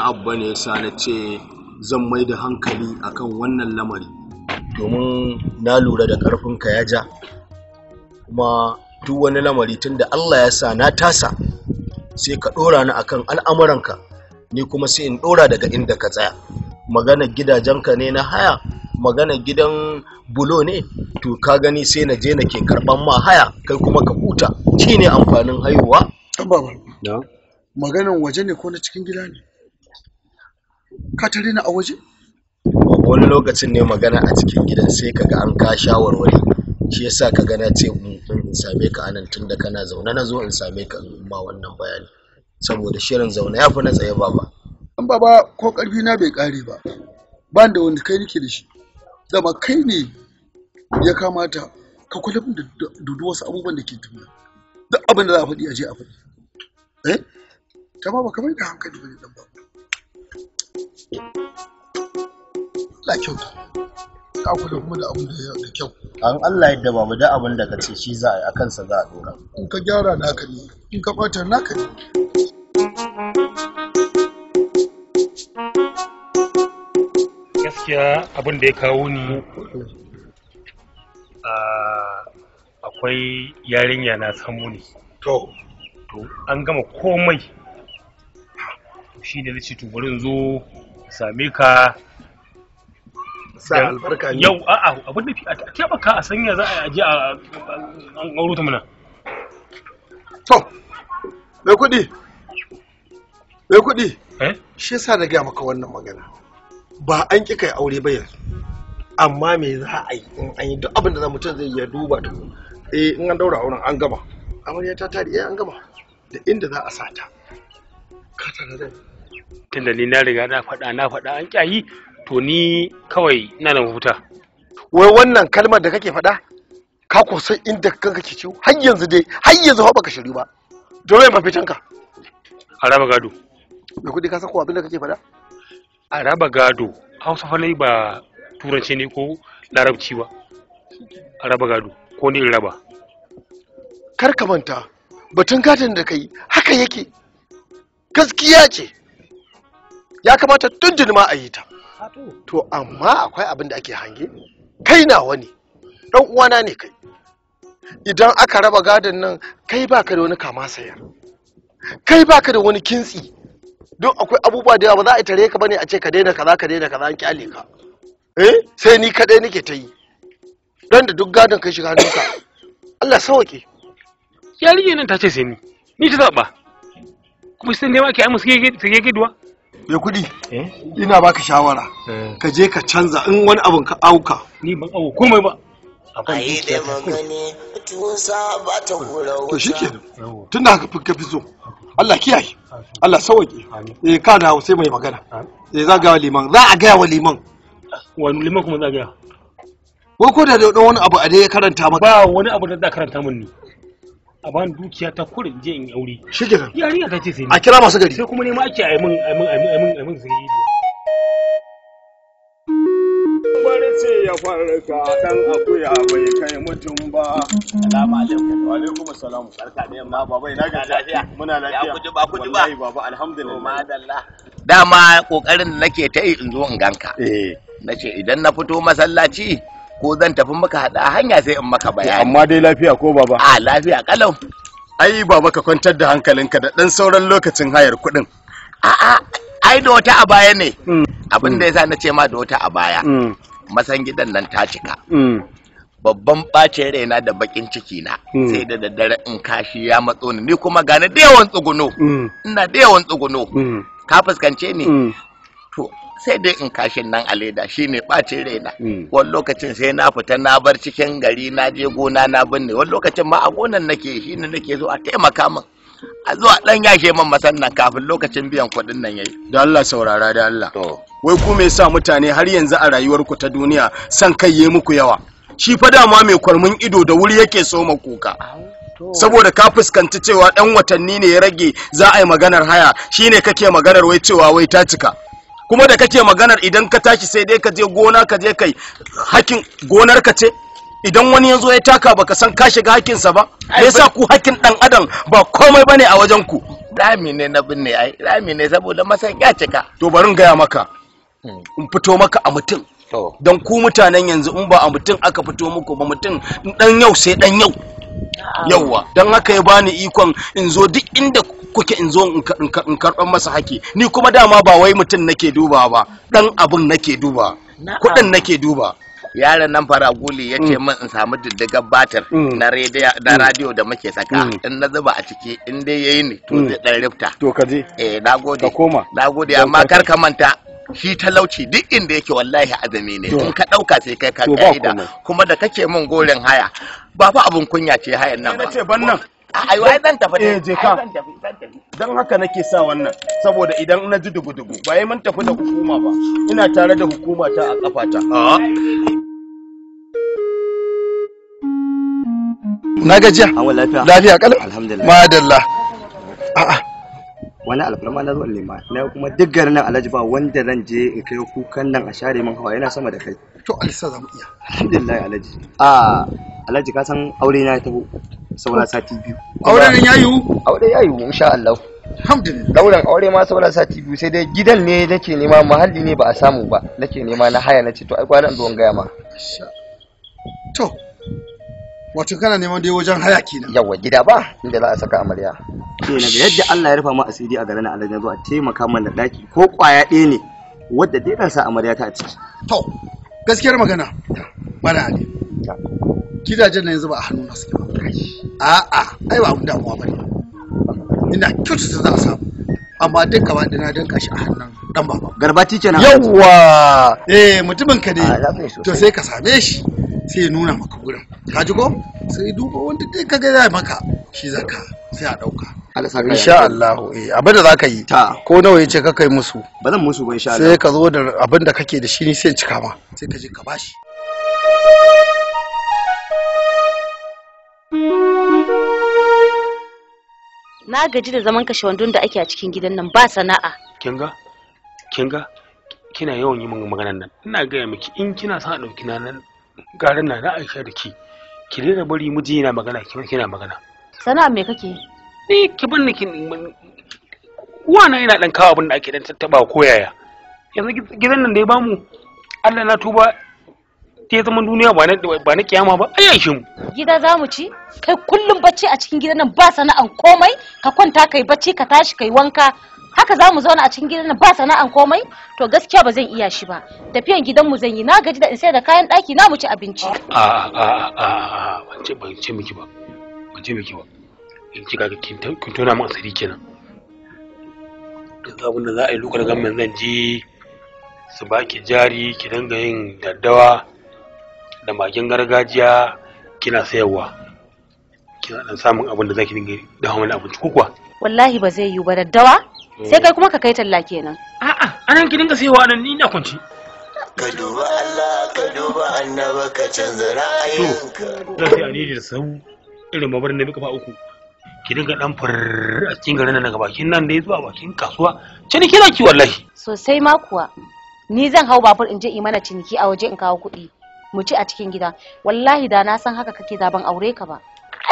wani abu bane ya na ce zan mai da hankali akan wannan lamari domin na lura da ƙarfinka ya ja kuma duk wani lamari tunda Allah ya sa na tasa sai ka ɗora ni akan al'amuranka ni kuma sai in ɗora daga inda ka tsaya magana gidajenka ne na haya magana gidan bulo ne to ka gani sai na je nake karban ma haya kai kuma ka huta shi ne amfanin haihuwa maganan waje ne ko na cikin gida ne ka tare ni a waje wani lokacin ne magana a cikin gidan sai kaga an ka shawarwari shi yasa ka gana ce in same ka anan tun da kana zaune na zo in same ka in ma wannan bayani saboda shirin zaune ya fi na tsaye baba an baba ko karfi na bai kare ba ba da wani kai nake da shi dama kai ne ya kamata ka kula da dudu wasu abubuwan da ke tuna duk abin da za a faɗi a je a faɗi eh ta ba ka da hankali ne dan baba Allah kyauta ka kula kuma da abin da kyau an Allah yadda babu da abin da kace shi za a yi akan sa za a dora in ka gyara naka ne in ka bata naka ne gaskiya abin da ya kawo ni akwai yarinya na samu ne to an gama komai shi ne na ce to bari zo same ka sa albarka ne yau a'a abin da a taimaka a sanya za a aje a an gauru ta mana to mai kuɗi mai kuɗi eh? shi yasa na gaya maka wannan magana ba an ƙi kai aure ba yanzu amma me za a yi in an yi duk abin da mutum zai iya duba da eh in an daura auren an gama amarya ta tare eh, an gama da inda za a sata ka tare da tunda ni na riga na faɗa na faɗa an kyayi to ni kawai ina da huta wai wannan kalmar da kake faɗa ka ko san inda kanka ke ciwo har yanzu dai har yanzu ba baka shiri ba domin mafitan ka araba gado me kudi ka sako abin da kake faɗa araba gado hausa fa ba turanci ne ko larabci ba araba gado ko ne raba kar ka manta batun gadon da kai haka yake gaskiya ce ya kamata tun ma a yi ta ah, to amma akwai abin da ake hange kai na wani dan uwana ne kai idan aka raba gadon nan kai baka da wani kama sayar kai baka da wani kintsi don akwai abubuwa da yawa ba za a tare ka bane a ce ka daina kaza ka daina kaza an kyale ka eh sai ni kadai nake ta yi dan da duk gadon kai shiga hannunka Allah sauke yarinya nan ta ce sai ni ni ta zaba kuma sai ne ma ke amma sai ke duwa ya kuɗi eh? ina baka shawara eh. ka je ka canza in wani abin ka auka ni ban auka komai ba ayi da magani tusa ba ta hura wuta to shikenan tun da ka fi so Allah kiyaye Allah sauke eh ka da sai mai magana eh za ga liman za a gaya wa liman wani liman kuma za a gaya wai ko da wani abu a dai ya karanta maka ba wani abu da za karanta min ne a bani dukiya ta kurin je in aure shi ke yarinya ta ce sai a kira masu gari sai kuma nema ake a mun a min a min a min sai yi barci ya farka dan akuya bai kai mutum ba salamu alaikum wa alaikum assalam barka da yamma baba ina ga lafiya muna lafiya ya kuji ba kuji ba wallahi baba alhamdulillah madallah dama kokarin da nake ta yi in zo in ganka eh nace idan na fito masallaci ko zan tafi maka hada hanya sai in maka bayani amma dai lafiya ko baba a lafiya kalau ai baba ka kwantar da hankalinka da dan sauran lokacin hayar kuɗin 'a ai da wata a baya ne mm. abin da mm. yasa na ce ma da wata a baya mm. masan gidan nan ta cika babban bacin raina da bakin ciki na sai da daddare in kashi ya matso ni ni kuma gane da yawan tsuguno ina da yawan tsuguno ka fuskance ni to sai dai in kashin nan a leda shine ɓacin raina hmm. wani lokacin sai na fita na bar cikin gari na je gona na binne wani lokacin ma a gonan nake ne nake zo a taimaka min a zuwa dan yashe min masannan kafin lokacin biyan kuɗin nan yayi da Allah saurara da Allah wai ku me yasa mutane har yanzu a rayuwar ku ta duniya san kai yi muku yawa shi fa dama mai kwarmin ido da wuri yake so kuka saboda ka fuskanci cewa dan watanni ne ya rage za a yi maganar haya shine kake maganar wai cewa wai ta cika kuma da kake maganar idan ka tashi sai dai ka je gona ka je kai hakin gonar ka ce idan wani ya zo ya taka baka san ka shiga sa ba me yasa ku hakin dan adam ba komai bane a wajen ku rami ne na binne ai rami ne saboda masan ya cika to bari in gaya maka hmm. in fito maka a mutum don ku mutanen yanzu in ba a mutum aka fito muku ba mutum dan yau sai dan yau yauwa don haka ya bani ikon in zo duk inda kuke in zo in karɓar masa haki ni kuma dama ba wai mutum nake duba ba dan abin nake duba kuɗin nake duba yaron nan faraguli ya ce mm. min in samu diddigar batir mm. na mm. radio da muke saka in na zuba a ciki in dai yayi ne to zai dan rifta to kaje eh nagode ka koma nagode amma kar ka manta shi talauci duk inda yake wallahi azumi ne in ka dauka sai kai ka kaida kuma da kake min gorin haya ba fa abun kunya ce hayan nan ba ce ban nan ai wai dan tafi eh je ka dan haka nake sa wannan saboda idan na ji dugu-dugu ba mun tafi da hukuma ba ina tare da hukuma ta a kafata na gajiya lafiya lafiya kalau alhamdulillah madalla a'a wani alfarma na zo in nema na kuma duk garin nan alhaji ba wanda zan je in kai kukan nan a share min hawa yana sama da kai to alisa za mu iya alhamdulillah alhaji a alhaji ka san aure na ya taho saura sati biyu aure nan ya yiwu aure ya yiwu insha Allah alhamdulillah dauran aure ma saura sati biyu sai dai gidan ne nake nema mahalli ne ba a samu ba nake nema na haya na ce to ai kwanan zo gaya ma to wato kana neman dai wajen haya kenan yawa gida ba inda za a saka amarya to na yadda Allah ya rufa mu asiri a garin Allah zo a taimaka mana da daki ko kwaya ɗaya ne wadda dai kan sa amarya ta a ciki to gaskiyar magana bana ne gidajen na yanzu ba a hannu na suke ba a a ai ba abin damuwa bane ina kyautata za a samu amma duk gaba na dan kashi a hannun dan baba garbati kenan yawwa eh mutumin ka ne to sai ka same shi sai ya nuna maka gurin ka ji ko sai duba wanda dai ka ga zai maka shi zaka sai a dauka insha Allah eh abin da zaka yi ko nawa yace ka kai musu ba zan musu ba insha Allah sai ka zo da abin da kake da shi ne sai cika ma sai ka je ka bashi na gaji da zaman kashe wandon da ake a cikin gidan nan ba sana'a kinga kinga kina yawan yi min maganar nan ina gaya miki in kina son a ɗauki na nan garin na na aisha da ki ki rera bari miji yana magana ki kina magana sana me kake ni ki bin ni na yana dan kawo abin da ake dan tattaba ko yaya yanzu gidan nan da ya bamu Allah na tuba ta ya zaman duniya ba na ba na kiyama ba ai yashin gida za mu ci kai kullum bacci a cikin gidan nan ba sana'an komai ka kwanta kai bacci ka tashi kai wanka haka za mu zauna a cikin gidan ba sana'an komai to gaskiya ba zan iya shi ba tafiyan gidan mu zan yi na gaji da in sai da kayan daki na mu ci abinci a a a ban ce ban ce miki ba ban ce miki ba in kika ga kin kin tona mu asiri kenan duk abin da za a yi lokacin gamin zan je su baki jari ki dinga yin daddawa da magin gargajiya kina sayarwa kina dan samun abin da zaki dinga dawo mana abinci ko kuwa wallahi ba zai yiwu ba daddawa sai kai kuma ka kai talla kenan a'a anan ki dinga sayowa nan ni na kunci ka duba Allah ka duba annaba ka canza ra'ayinka to sai ani da sau irin mabar na bika fa uku ki dinga dan fur a cikin garin nan bakin nan da ya zuwa bakin kasuwa ciniki kina ki wallahi sosai ma kuwa ni zan hau babur in je mana ciniki a waje in kawo kuɗi mu ci a cikin gida wallahi da na san haka kake da ban aure ka ba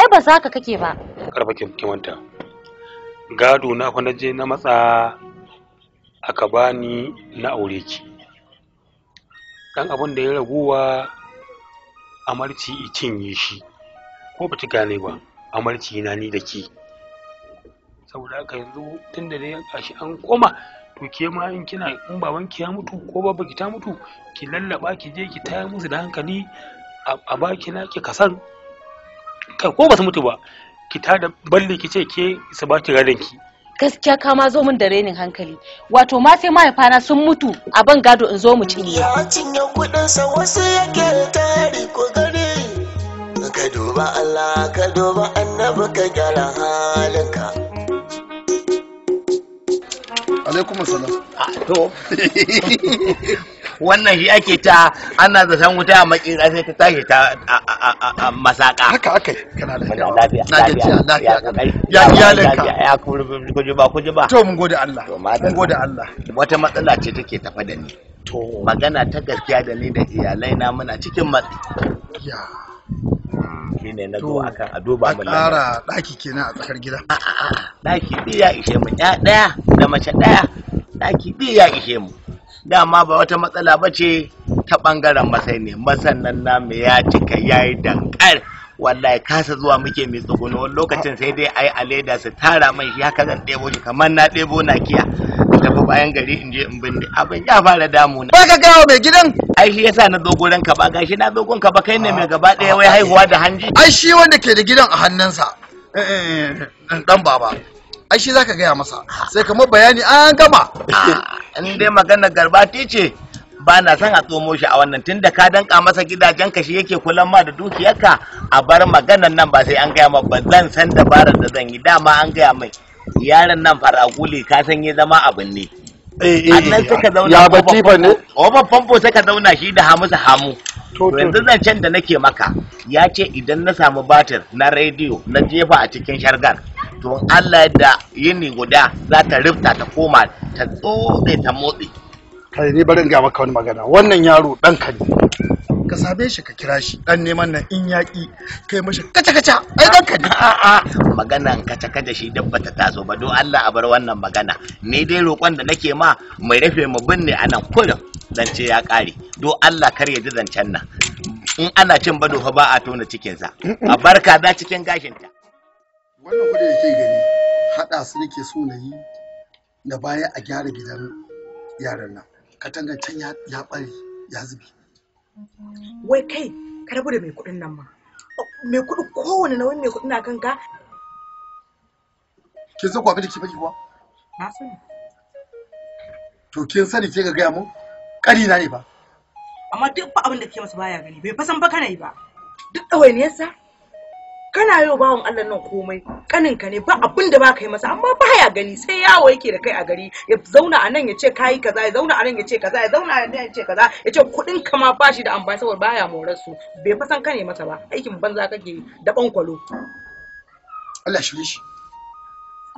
ai ba za ka kake ba karfa ki wanta gado na fa je na matsa aka bani na aure ki dan abin da ya raguwa amarci i cinye shi ko ba gane ba amarci na ni da ki? saboda haka yanzu tun da dai shi an koma to ke ma in kina in baban ki ya mutu ko babba ki ta mutu ki lallaba ki je ki tayar musu da hankali a baki na ki kasan kai ko ba su mutu ba ki da balle ki ce ke su ba ki gadon ki gaskiya ka ma zo min da renin hankali wato ma sai mahaifana sun mutu a ban gado in zo mu cinye ya cinye kudin sa wasu yake tari ko gare ka duba Allah ka duba annabi ka gyara halinka alaikum assalam ah, to wannan shi ake ta ana zaton wuta a makin sai ta tashi ta masaka haka aka yi kana lafiya lafiya lafiya ya iyalinka ya kujuba ba to mun gode Allah mun gode Allah wata matsala ce take tafa da ni to magana ta gaskiya da ni da iyalai na muna cikin matsi hmm, shine na zo akan a duba mu daki kenan a tsakar gida a'a daki biya ishe mu ɗaya da mace ɗaya daki biya ishe mu dama ba wata matsala ba ce ta ɓangaren masai ne masannan namu ya cika ya yi dankar wallahi kasa zuwa muke mai wani lokacin sai dai a yi a leda su tara mai shi haka zan ɗebo shi kamar na ɗebo na kiya tafi bayan gari in je in binne abin ya fara damu na baka gawo mai gidan ai shi yasa na zo gurin ka ba gashi na zo gurin ka ba kai ne mai gaba ɗaya wai haihuwa da hanji ai shi wanda ke da gidan a hannunsa dan eh, eh, eh, baba ai shi zaka gaya masa sai kamar bayani an gama ah. in dai maganar garbati ce ba na son a tsomo shi a wannan tunda ka danka masa gidajen ka shi yake kulan ma da dukiyarka a bar maganan nan ba sai an gaya ma zan san dabarar da zan yi dama an gaya mai yaron nan faraguli ka san ya zama abin ne eh, eh, suka eh, zauna ya bacci ba ne o babban bo suka zauna shi da hamusa hamu yanzu zancen da nake maka ya ce idan na samu batir na rediyo na jefa a cikin shargar to Allah da yini guda za ta rifta ta koma ta tsotse ta motsi kai ni barin ga maka wani magana wannan yaro dan ka ne ka same shi ka kira shi dan neman nan in yaki kai mashi kaca kaca ai dan ka ne a'a maganan kaca kaca shi dabba ta taso ba don Allah a bar wannan magana ni dai roƙon da nake ma mai rafe mu binne anan kullum zance ya ƙare, do Allah kar ya ji zancen nan in ana cin bado fa ba a tona cikinsa a barka da cikin gashinta wannan kuɗi da ke gani haɗa su nake so na yi na baya a gyara gidan yaran nan katangar can ya ɓare ya zubi wai kai ka rabu da mai kuɗin nan ma mai kuɗi kowane nauyin mai kuɗi na kanka kin san abin da ke baki kuwa na sani to kin sani ke ga gaya mun kari na ne ba. amma duk fa abin da kake masa baya gani bai fasan ba kana yi ba duk ɗawai ne yasa kana yau bawan Allah nan komai kaninka ne ba abin da baka yi masa amma baya gani sai yawo yake da kai a gari ya zauna a nan ya ce kayi kaza ya zauna a nan ya ce kaza ya zauna a nan ya ce kaza ya ce kuɗin ka ma ba shi da amfani saboda baya morar su bai fasan kane masa ba aikin banza kake da kwalo. Allah shi shi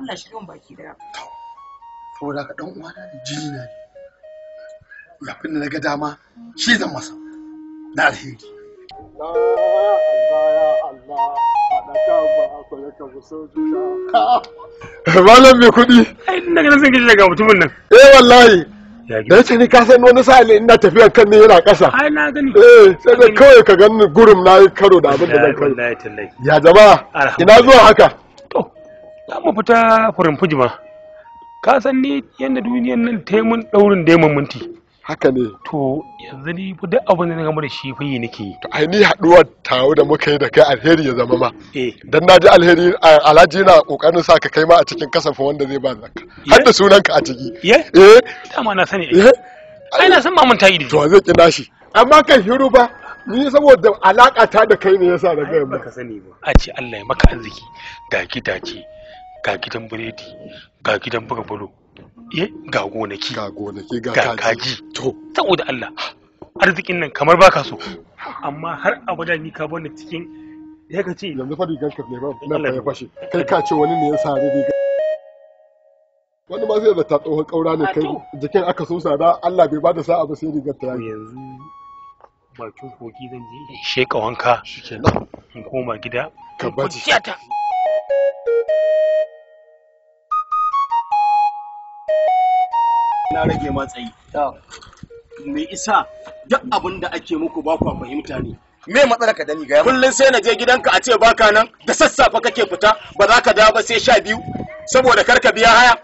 Allah shi shirye baki daya saboda ka dan uwana ne jini na ne abin da na ga dama shi zan masa na alheri Malam mai kuɗi. Ai, ina ganin sun gaji daga mutumin nan. Eh wallahi. Da ya ce ni ka san wani sa'ali ina tafiya kan ne yana ƙasa. Ai na gani. Eh, sai da kawai ka gani gurin na yi karo da abin da zan kai. Ya zama, ina zuwa haka. To, za mu fita furin fujima. Ka san ni yadda duniyar nan ta yi mun ɗaurin da ya minti. haka ne to yanzu ni fa duk abin da na gama da shi fa yi nake to ai ni haduwar tawo da muka yi da kai alheri ya zama ma eh. dan naji alheri alhaji na kokarin sa ka kai ma a cikin kasafin wanda zai ba zakka har da eh? sunanka a ciki eh, eh? ma na sani eh ai na san mamun tayi to zai kina shi amma kan shiru ba ni saboda alaka ta da kai ne yasa da kai ba ka sani ba a ce Allah ya maka arziki ga gidaje ga gidan biredi ga gidan buga bulo Eh, ga gonaki ga gonaki ga kaji to saboda Allah arzikin nan kamar baka so amma har abada ni ka bani cikin ya ka ce yanzu fa rigar ka ne ba na fa ya fashe kai ka ce wani ne ya sare rigar wani ba zai zata tsohon kaura ne kai jikin aka so sada Allah bai bada sa'a ba sai rigar ta yanzu bakin koki zan je sheka wanka shikenan in koma gida ka bace na rage matsayi me isa duk abin da ake muku ba kwa fahimta ne me matsala ka dani ga kullum sai na je gidanka a ce baka nan da sassafe kake fita ba za ka dawo ba sai sha biyu saboda karka biya haya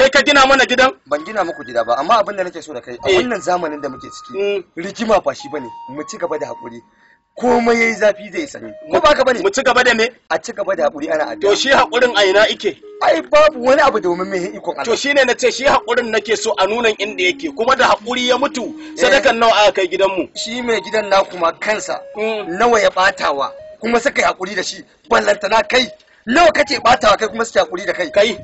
kai ka gina mana gidan ban gina muku gida ba amma abin da nake so da kai a eh. wannan zamanin da muke ciki mm. rikima ba shi bane mu ci gaba da hakuri komai yayi zafi zai sani. ko ba ka bane mu ci gaba da me a ci gaba da hakuri ana addu'a to shi hakurin a ina ike ai babu wani abu domin mai ikon Allah to shine nace shi hakurin nake so a nunan inda yake kuma da hakuri ya mutu sadakan nawa aka kai gidan mu shi mai gidan na kuma kansa mm. nawa ya batawa kuma suka yi hakuri da shi ballantana kai nawa kace batawa kai kuma suka hakuri da kai kai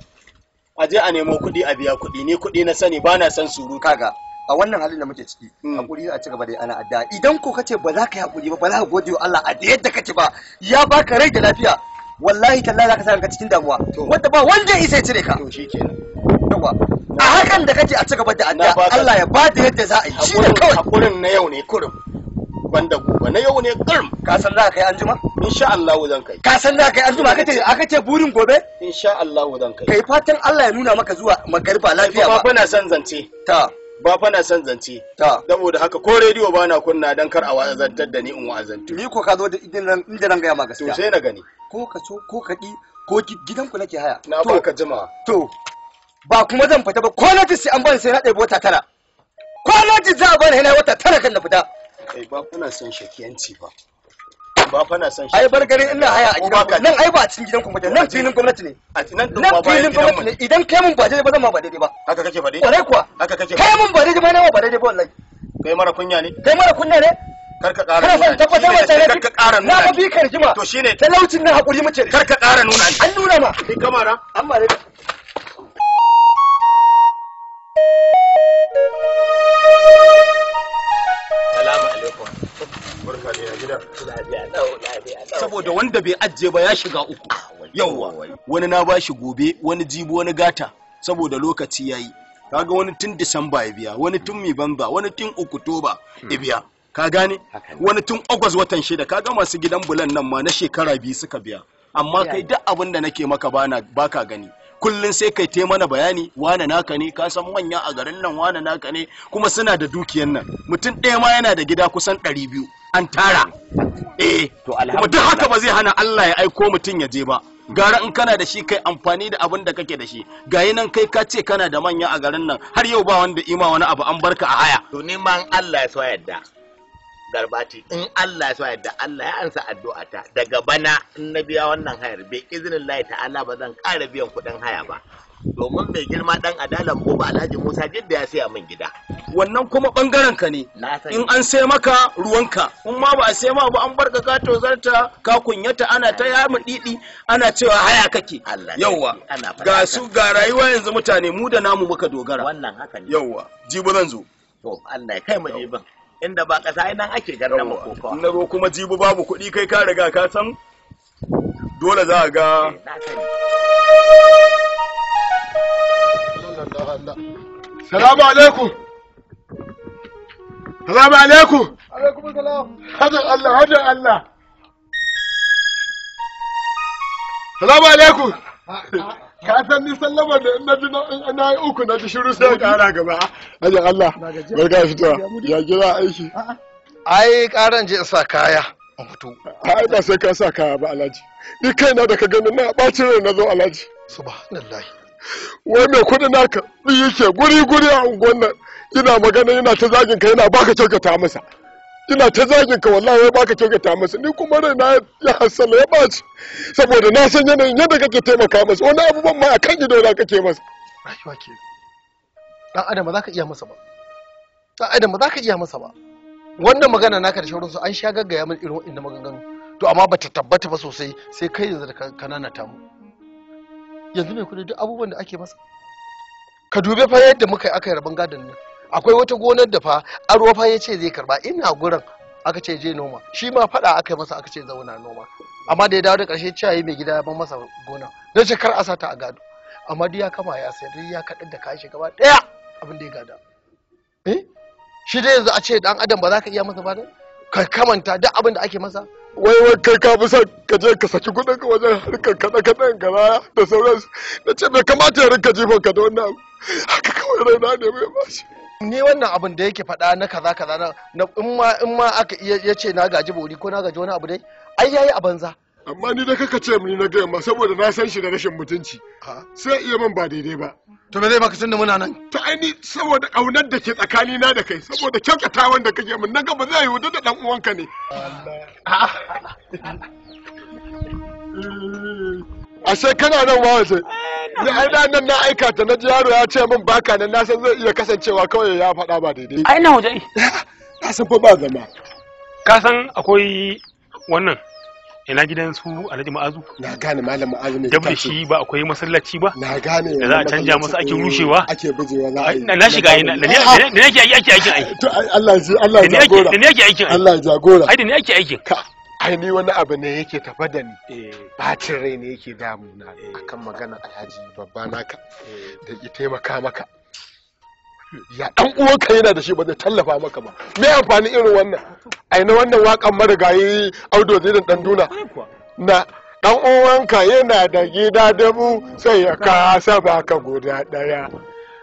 a je a nemo kuɗi a biya kuɗi ni kuɗi na sani ba na san suru kaga a wannan halin da muke ciki hmm. hakuri a ci gaba da ana addu'a idan ko kace ba za ka yi hakuri ba ba za ka gode wa Allah a da yadda kace ba ya baka rai da lafiya wallahi tallahi zaka sa ka cikin damuwa wanda ba wanda ya isa cire ka to shikenan yawa a hakan da kace a ci gaba da addu'a Allah ya ba da yadda za a yi shi ne kawai hakurin na yau ne kurum banda gobe na yau ne kurum ka san za ka yi anjuma insha Allah zan kai ka san za ka yi anjuma kace aka ce burin gobe insha Allah zan kai kai fatan Allah ya nuna maka zuwa magariba lafiya ba na san zance ta ba fa na son zance saboda haka ko rediyo ba na kunna dan kar a wazantar da ni in wazantu ni ko ka zo da inda nan ga ma gaskiya to sai na gani ko ka so ko ka di ko gidan ku nake haya na ka jima to ba kuma zan fita ba ko lati sai an ban sai na dai wata tara ko lati za a bani na wata tara kan na fita kai ba kuna son shakiyanci ba ba fa na san shi ai bargarin ina haya a gidan nan ai ba a cikin gidan ku mutum nan filin gwamnati ne nan filin gwamnati ne idan kai mun ba daidai ba zan ma ba daidai ba haka kake ba daidai kuwa haka kake kai mun ba daidai ba na ba daidai ba wallahi kai mara kunya ne kai mara kunya ne karka ƙara nuna ni tabbatar wa sai karka ƙara nuna na bi karjima to shine talaucin na hakuri muke karka ƙara nuna ni an nuna ma kai kamara amma dai saboda wanda bai ajiye ba ya shiga uku ah, Yawwa, wani na bashi gobe wani jibi wani gata saboda lokaci ya yi kaga wani tun disamba ya biya wani tun mibamba wani tun oktoba ya hmm. biya ka gane wani tun agwas watan shida kaga masu gidan bulan nan ma na shekara biyu suka biya amma kai duk abin da nake maka bana baka gani kullum sai kai te mana bayani wane naka ne ka san manya a garin nan wane naka ne kuma suna da dukiyan nan mutum ɗaya ma yana da gida kusan ɗari biyu an tara eh to alhamdulillah duk haka ba zai hana Allah ya aiko mutum ya je ba gara in kana da shi kai amfani da abin da kake da shi gayi nan kai ka ce kana da manya a garin nan har yau ba wanda ima wani abu an barka a haya to neman Allah ya so yadda garbati in Allah ya so yadda Allah ya ansa addu'a ta daga bana in na biya wannan hayar bi izinin Allah ta'ala ba zan ƙara biyan kuɗin haya ba domin mai girma dan adalan ko ba Alhaji Musa Jidda ya saya min gida wannan kuma bangaren ka ne in an sai maka ruwanka in ma ba a sai ma ba an barka ka zarta ka kunyata ana ta mu didi ana cewa haya kake yawa ga su ga rayuwa yanzu mutane mu da namu muka dogara wannan haka ne yawa jibo zan zo to Allah ya kai mu jibin inda ba ƙasa nan ake garna makokawa na zo kuma jibo babu kuɗi kai ka riga ka san dole za a ga eh, salamu alaikum salamu alaikum salamu alaikum ka san ni sallama da na yi uku na ji shiru sai kara gaba hadar allah barka fitowa ya gida aiki ai karan je sa kaya mutu ai sai ka sa kaya ba alhaji ni kaina da ka gani na bacin rai alhaji wannan kudin naka bi yake guri guri a unguwan nan ina magana ina ta zagin ka yana baka kyautata masa ina ta zagin ka wallahi ya baka kyautata masa ni kuma na ya hasala ya baci saboda na san yanayin yadda kake taimaka masa wani abubuwan ma kan ido na kake masa rayuwa ke dan adam ba za ka iya masa ba dan adam ba za ka iya masa ba wannan magana naka da shauransu an sha gaggaya min irin wa'annan maganganu to amma ba ta tabbata ba sosai sai kai yanzu da kanana ta mu yanzu mai kudi duk abubuwan da ake masa ka dubi fa yadda muka yi aka yi rabon gadon nan akwai wata gonar da fa aro fa ya ce zai karba ina gurin aka ce je noma shi ma fada aka yi masa aka ce zauna noma amma da ya dawo da ƙarshe ciyayi mai gida ya ban masa gona na ce kar a sata a gado amma duk ya kama ya sayar ya kaɗar da kashi gaba ɗaya abin da ya gada eh shi dai yanzu a ce dan adam ba za ka iya masa ba ka kamanta duk abin da ake masa wai wai kai ka fi son ka je ka saki kudin ka wajen harkar kaɗe kaɗen raya, da sauransu na ce mai kamata ya rinka jifan ka da wannan abu haka kawai na ne mai bashi. ni wannan abin da yake faɗa na kaza kaza na in ma in ma aka iya ce na gaji bori ko na gaji wani abu dai ai yayi a banza amma ni da kaka ce ni na gaya ma saboda na san shi da rashin mutunci sai iya man ba daidai ba to me zai baka tunda muna nan ta aini saboda aunar da ke tsakani na da kai saboda kyautatawan da kake min naga ba zai yi da dan uwanka ne a sai kana nan wa wace eh, ni ai da nan na aika ta na ji yaro ya ce min baka nan na san zai iya kasancewa kawai ya faɗa ba daidai ai na waje na san fa ba zama ka san akwai wannan ina gidan su alhaji ma'azu na gane malam ma'azu ne dabda shi ba akwai masallaci ba na gane da za a canja masa ake rushewa ake bijewa za a yi na shiga ina da ne ake aiki aikin aiki to Allah ji Allah ya jagora da ne ake aikin Allah ya jagora ai da ne aiki aikin ai ni wani abu ne yake tafa da ni eh. bacin rai ne yake damuna eh. akan magana alhaji babba naka da ki taimaka maka ya dan uwanka yana da shi ba zai tallafa maka ba me amfani irin wannan aina wannan wakan marigayi audo zai dan duna na dan uwanka yana da gida dabu sai ya kasa baka guda daya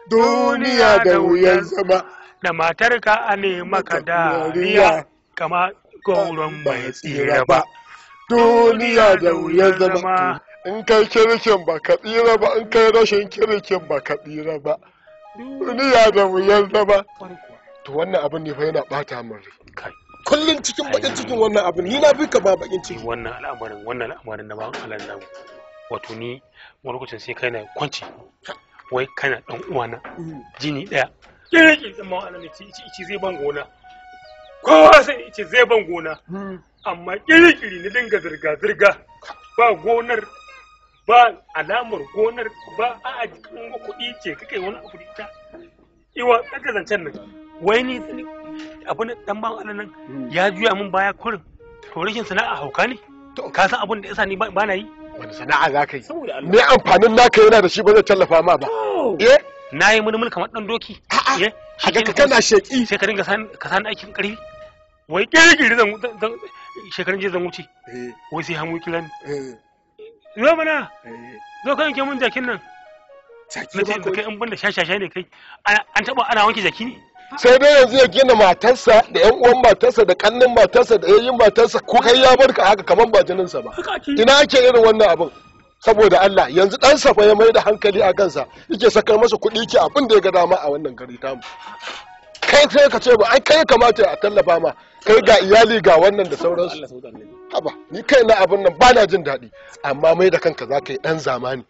duniya da wuyan zama da matarka a ne maka dariya kama gauran bai tsira ba duniya da wuyan zama in kai kirkin ba ka tsira ba in kai rashin kirkin ba ka tsira ba duniya da mu yarda ba to wannan abin ne fa yana bata min rai kullum cikin bakin cikin wannan abin ni na fi ka ba bakin ciki wannan al'amarin wannan al'amarin na ba halan nan wato ni wani lokacin sai kai na kwanci wai kana dan uwana mm. jini daya kire ki zama ana ne ci ci zai ban gona kowa sai ci zai ban gona mm. amma kire ne dinga zirga zirga ba gonar ba alamar gonar ba a jikin kuɗi ce kake wani abu da ita iwa tsaka zancen nan wai ni abin dan ban Allah nan hmm. ya juya min baya kurin to rashin sana'a hauka ne ka san abin da yasa ni ba na yi wani sana'a za ka yi me amfanin naka yana da shi ba zai tallafa ma ba eh? na yi mulmul kamar dan doki eh haka ka kana sheƙi. sai ka ka san aikin ƙarfi. wai kirkiri zan shekarun jiya zan wuce eh. wai sai hamu kira Yo mana. Eh. Zo ka yanke mun jakin nan. Jaki ba kai an banda shashasha ne kai. An taba ana wanke jaki ne. Sai dai yanzu ya gina matarsa da ƴan uwan matarsa da kannin matarsa da yayin matarsa ko kai ya barka haka kaman ba jininsa ba. Ina ake irin wannan abin? saboda Allah yanzu ɗansa fa ya mai da hankali a kansa yake sakar masa kuɗi ke abin da ya ga dama a wannan gari tamu kai sai ka ce ba ai kai kamata a tallafa ma kai ga iyali ga wannan da sauransu haba ni kai na abin nan ba na jin daɗi amma mai da kanka za ka yi ɗan zamani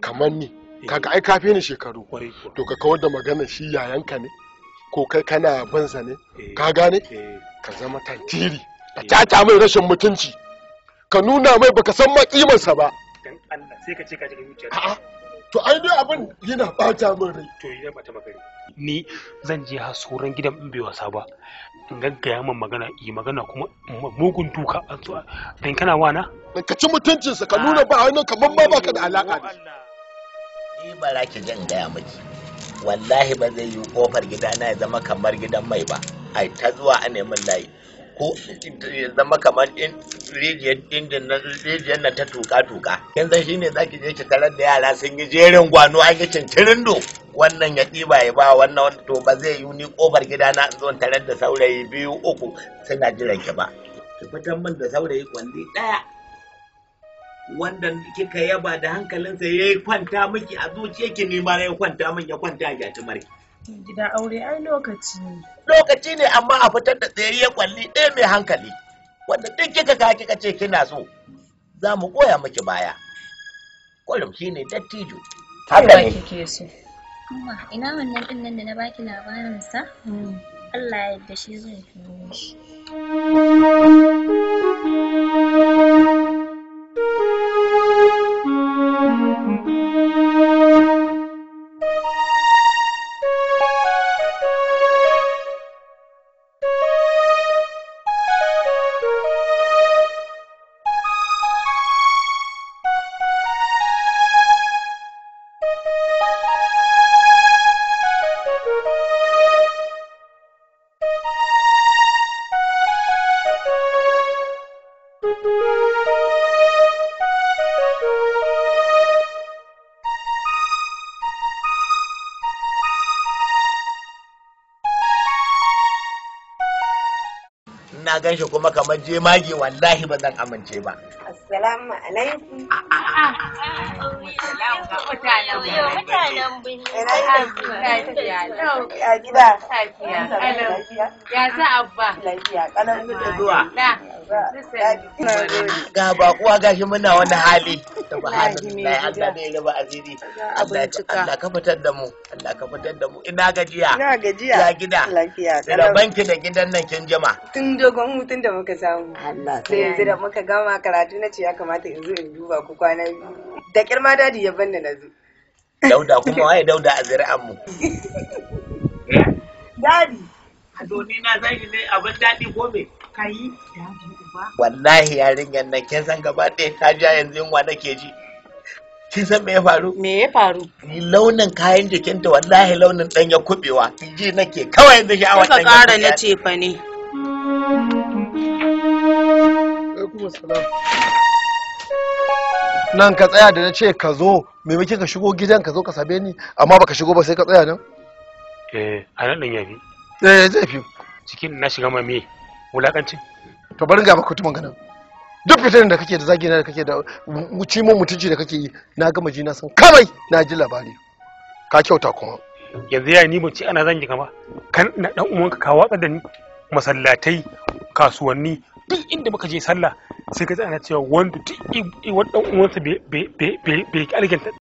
kamar ni eh. kaga ai kafi ni shekaru to ka kawar da magana shi yayanka ne ko kai kana bansa ne eh. ka gane eh. ka zama tantiri ka tata mai rashin mutunci ka nuna mai baka san ma ba dan to ai dai abin yana bata min rai to ya bata maka rai ni zan je ha sauran gidan in bai wasa ba in gaggaya min magana yi magana kuma mugun duka dan kana wana ka ci mutuncinsa ka nuna ba wani kaman ba baka da alaka da ni ba za ki jan gaya miki wallahi ba zai yi kofar gidana ya zama kamar gidan mai ba ai ta zuwa a neman layi ko ya zama kamar rijiyar nan ta tuka-tuka shi ne za zaki je ki tarar da yara sun yi jerin gwano an yi cincirin do wannan ya ɗiba ya ba wannan to ba zai yi ni kofar gida na zuwan tarar da saurayi biyu uku suna jiran ki ba ki fitan min da saurayi kwalli ɗaya wanda kika yaba da hankalinsa ya yi kwanta miki a zuciya ki nema ya kwanta min ya kwanta a gyatumarki Gida aure ai lokaci ne. Lokaci ne amma a fitar da tsayayyen kwalli ɗaya mai hankali. Wanda duk kika ga kika ce kina so za mu koya miki baya. Kullum shi dattijo. Haka ne. kike so. Amma ina wannan ɗin nan da na baki labarin sa? Hmm. Allah ya yarda shi zai fi shi. na gan shi kuma kamar jemage wallahi ba zan amince ba. Assalamu alaikum. Ya gida. Ya abba. Lafiya zuwa. Ga bakuwa gashi muna wani hali. subhanallahi Allah ne asiri Allah ka fitar da mu Allah ka fitar da mu ina gajiya ina gajiya ya gida lafiya da banki da gidan nan kin jima tun dogon hutun da muka samu Allah sai yanzu da muka gama karatu na ce ya kamata in zo in duba ku kwana da kirma dadi ya na zo dauda kuma waye dauda a zuri'an mu dadi Adoni na zagi ne abin daɗi ko me? Kai daji uba. Wallahi yarinyar nan kin san gaba ɗaya ta ja yanzu yunwa nake ji. Kin san me ya faru? Me ya faru? Launin kayan jikinta wallahi launin ɗan ya kuɓewa. Ji nake kawai yanzu sha'awar ɗan ya kuɓewa. Kuka ƙara na ce fa ne. Nan ka tsaya da na ce ka zo, maimakon ka shigo gidan ka zo ka same ni, amma baka shigo ba sai ka tsaya nan? Eh, a nan ya fi eh zai fi cikin na shiga mame wulakanci to bari ga baka tuman ganin duk fitar da kake da zagi na da kake da wuce mun mutunci da kake yi na gama jina na san kawai na ji labari ka kyauta kuma yanzu yi ni mu ci ana zangi kama kan na dan uwan ka da masallatai kasuwanni duk inda muka je sallah sai ka ji ana cewa wanda duk wanda dan uwansa bai bai bai bai